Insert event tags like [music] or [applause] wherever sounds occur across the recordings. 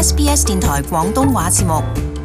SBS 電台廣東話節目。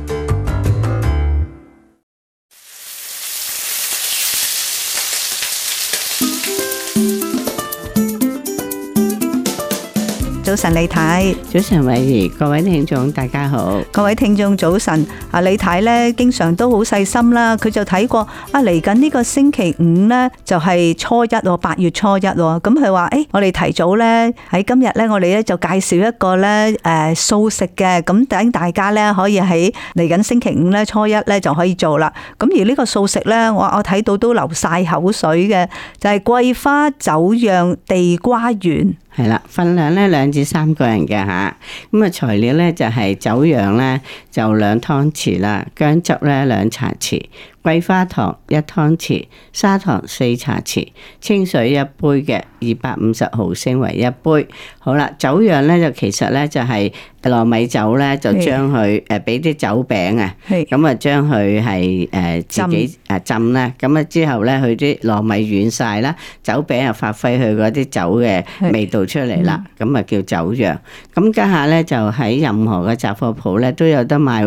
早，早晨，李太。早晨，偉，各位聽眾大家好。各位聽眾早晨。啊，李太咧，經常都好細心啦。佢就睇過啊，嚟緊呢個星期五咧，就係初一哦，八月初一哦。咁佢話誒，我哋提早咧喺今日咧，我哋咧就介紹一個咧誒素食嘅。咁等大家咧可以喺嚟緊星期五咧初一咧就可以做啦。咁而呢個素食咧，我我睇到都流晒口水嘅，就係、是、桂花酒釀地瓜圓。係啦，份量咧兩至三個人嘅吓，咁啊材料咧就係酒釀咧就兩湯匙啦，薑汁咧兩茶匙。桂花糖一湯匙，砂糖四茶匙，清水一杯嘅，二百五十毫升為一杯。好啦，酒釀咧就其實咧就係糯米酒咧，就將佢誒俾啲酒餅啊，咁啊將佢係誒自己誒浸啦，咁啊之後咧佢啲糯米軟晒啦，酒餅就發揮佢嗰啲酒嘅味道出嚟，啦咁啊是、嗯、叫酒釀。咁家下咧就喺任何嘅雜貨鋪咧都有得賣，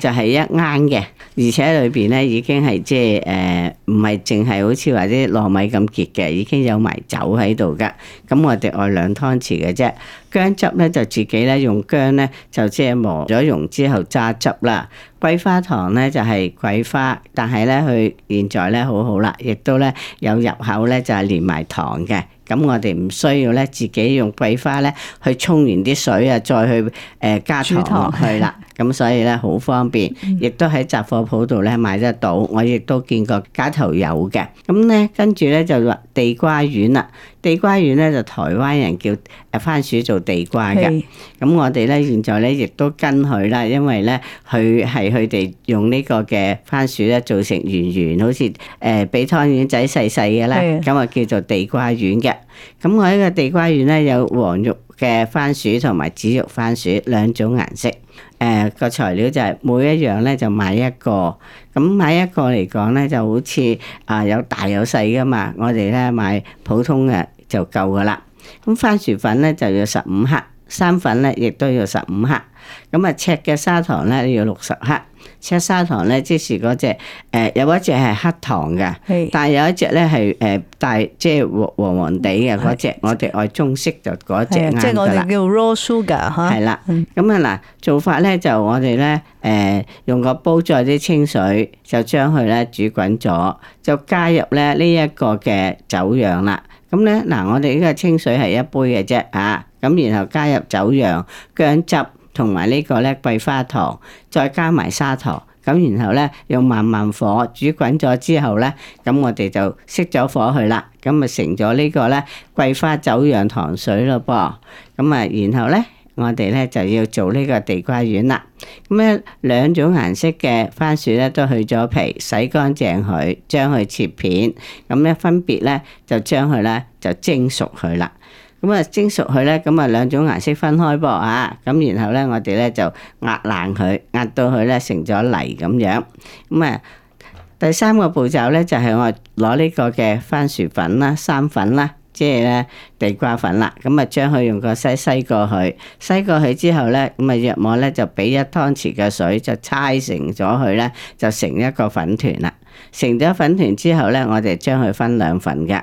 就係一啱嘅，而且裏邊咧已。已經係即係誒，唔係淨係好似話啲糯米咁結嘅，已經有埋酒喺度㗎。咁我哋愛兩湯匙嘅啫，薑汁咧就自己咧用薑咧就即係磨咗蓉之後揸汁啦。桂花糖咧就係桂花，但係咧佢現在咧好好啦，亦都咧有入口咧就係連埋糖嘅。咁我哋唔需要咧自己用桂花咧去沖完啲水啊，再去誒加糖落去啦。咁煮糖 所以咧好方便，亦 [laughs] 都喺雜貨鋪度咧買得到。我亦都見過街頭有嘅。咁咧跟住咧就話地瓜丸啦，地瓜丸咧就台灣人叫誒番薯做地瓜嘅。咁是我哋咧現在咧亦都跟佢啦，因為咧佢係。佢哋用呢個嘅番薯咧，做成圓圓，好似誒比湯圓仔細細嘅咧，咁啊的叫做地瓜丸嘅。咁我呢個地瓜丸咧，有黃肉嘅番薯同埋紫肉番薯兩種顏色。誒、呃、個材料就係每一樣咧就買一個。咁買一個嚟講咧，就好似啊有大有細噶嘛。我哋咧買普通嘅就夠噶啦。咁番薯粉咧就要十五克。生粉咧，亦都要十五克。咁啊，赤嘅砂糖咧要六十克。赤砂糖咧，即是嗰隻誒，有一隻係黑糖嘅。是但係有一隻咧係誒，大即係、就是、黃黃黃地嘅嗰隻。是我哋愛中式就嗰隻啱，即係我哋叫 raw sugar 嚇的。係啦、啊。咁啊嗱，做法咧就我哋咧誒，用個煲再啲清水，就將佢咧煮滾咗，就加入咧呢一個嘅酒釀啦。咁咧嗱，我哋呢個清水係一杯嘅啫嚇，咁啊然後加入酒釀、薑汁同埋呢個咧桂花糖，再加埋砂糖，咁然後咧用慢慢火煮滾咗之後咧，咁我哋就熄咗火去啦，咁咪成咗呢個咧桂花酒釀糖水咯噃，咁啊然後咧。我哋咧就要做呢個地瓜丸啦。咁咧兩種顏色嘅番薯咧都去咗皮，洗乾淨佢，將佢切片。咁咧分別咧就將佢咧就蒸熟佢啦。咁啊蒸熟佢咧，咁啊兩種顏色分開噃啊。咁然後咧我哋咧就壓爛佢，壓到佢咧成咗泥咁樣。咁啊第三個步驟咧就係我攞呢個嘅番薯粉啦，生粉啦。即係咧地瓜粉啦，咁啊將佢用個篩篩過去，篩過去之後咧，咁啊約莫咧就俾一湯匙嘅水就搓成咗佢咧，就成一個粉團啦。成咗粉團之後咧，我哋將佢分兩份嘅。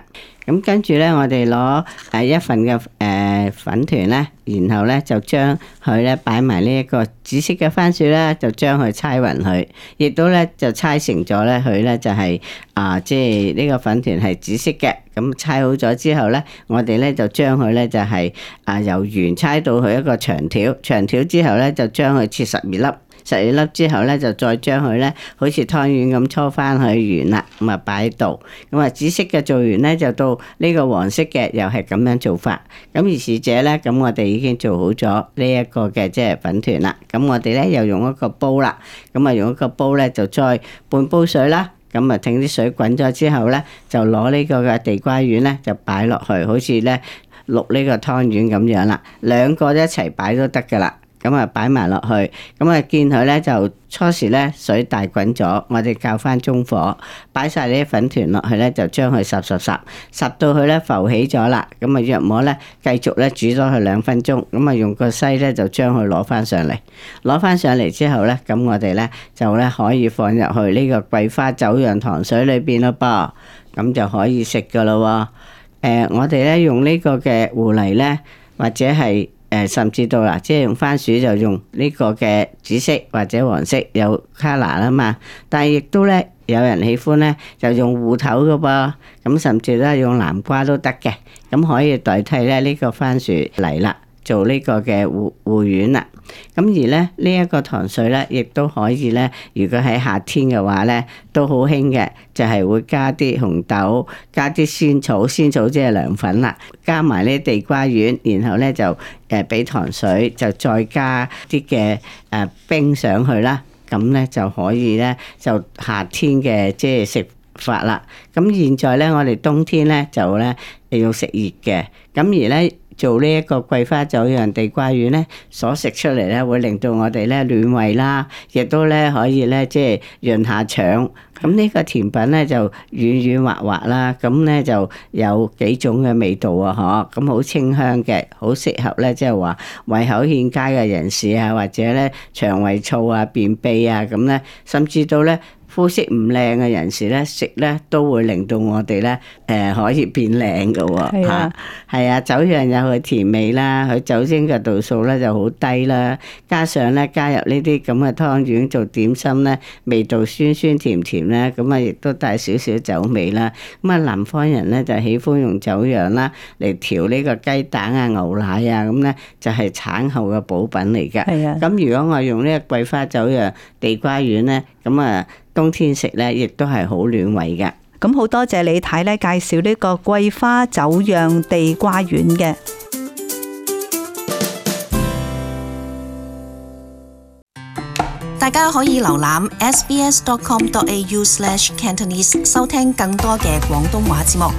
咁跟住咧，我哋攞誒一份嘅誒粉團咧，然後咧就將佢咧擺埋呢一個紫色嘅番薯咧，就將佢猜勻佢，亦都咧就猜成咗咧、就是，佢咧就係啊，即係呢個粉團係紫色嘅。咁、嗯、猜好咗之後咧，我哋咧就將佢咧就係、是、啊由圓猜到佢一個長條，長條之後咧就將佢切十二粒。十二粒之後咧，就再將佢咧，好似湯圓咁搓翻去圓啦。咁啊擺喺度。咁啊，紫色嘅做完咧，就到呢個黃色嘅，又係咁樣做法。咁而是者咧，咁我哋已經做好咗呢一個嘅即係粉團啦。咁我哋咧又用一個煲啦。咁啊用一個煲咧，就再半煲水啦。咁啊，等啲水滾咗之後咧，就攞呢個嘅地瓜丸咧，就擺落去，好似咧淥呢個湯圓咁樣啦。兩個一齊擺都得噶啦。咁啊，擺埋落去，咁啊，見佢咧就初時咧水大滾咗，我哋較翻中火，擺晒呢啲粉團落去咧，就將佢霎霎霎霎到佢咧浮起咗啦。咁啊，約摸咧繼續咧煮咗佢兩分鐘，咁啊，用個篩咧就將佢攞翻上嚟，攞翻上嚟之後咧，咁我哋咧就咧可以放入去呢個桂花酒釀糖水裏邊咯噃，咁就可以食噶咯。誒、呃，我哋咧用個呢個嘅芋泥咧，或者係。誒，甚至到啦，即係用番薯就用呢個嘅紫色或者黃色有卡拿 l 啊嘛，但係亦都咧有人喜歡咧，就用芋頭噶噃，咁甚至咧用南瓜都得嘅，咁可以代替咧呢個番薯嚟啦。做個呢個嘅芋芋丸啦，咁而咧呢一個糖水咧，亦都可以咧。如果喺夏天嘅話咧，都好興嘅，就係會加啲紅豆，加啲仙草，仙草即係涼粉啦，加埋呢地瓜丸，然後咧就誒俾糖水，就再加啲嘅誒冰上去啦。咁咧就可以咧就夏天嘅即係食法啦。咁現在咧我哋冬天咧就咧又要食熱嘅，咁而咧。做呢一個桂花酒釀地瓜丸咧，所食出嚟咧會令到我哋咧暖胃啦，亦都咧可以咧即係潤下腸。咁呢個甜品咧就軟軟滑滑啦，咁咧就有幾種嘅味道啊，嗬！咁好清香嘅，好適合咧即係話胃口欠佳嘅人士啊，或者咧腸胃燥啊、便秘啊咁咧，甚至到咧。膚色唔靚嘅人士咧，食咧都會令到我哋咧，誒可以變靚嘅喎。係啊，酒釀有佢甜味啦，佢酒精嘅度數咧就好低啦，加上咧加入呢啲咁嘅湯圓做點心咧，味道酸酸甜甜咧，咁啊亦都帶少少酒味啦。咁啊，南方人咧就喜歡用酒釀啦嚟調呢個雞蛋啊、牛奶啊咁咧，就係產後嘅補品嚟㗎。係啊，咁如果我用呢個桂花酒釀地瓜丸咧，咁啊～冬天食咧亦都係好暖胃嘅。咁好多謝李太咧介紹呢個桂花酒釀地瓜丸嘅，大家可以瀏覽 sbs.com.au/cantonese 收聽更多嘅廣東話節目。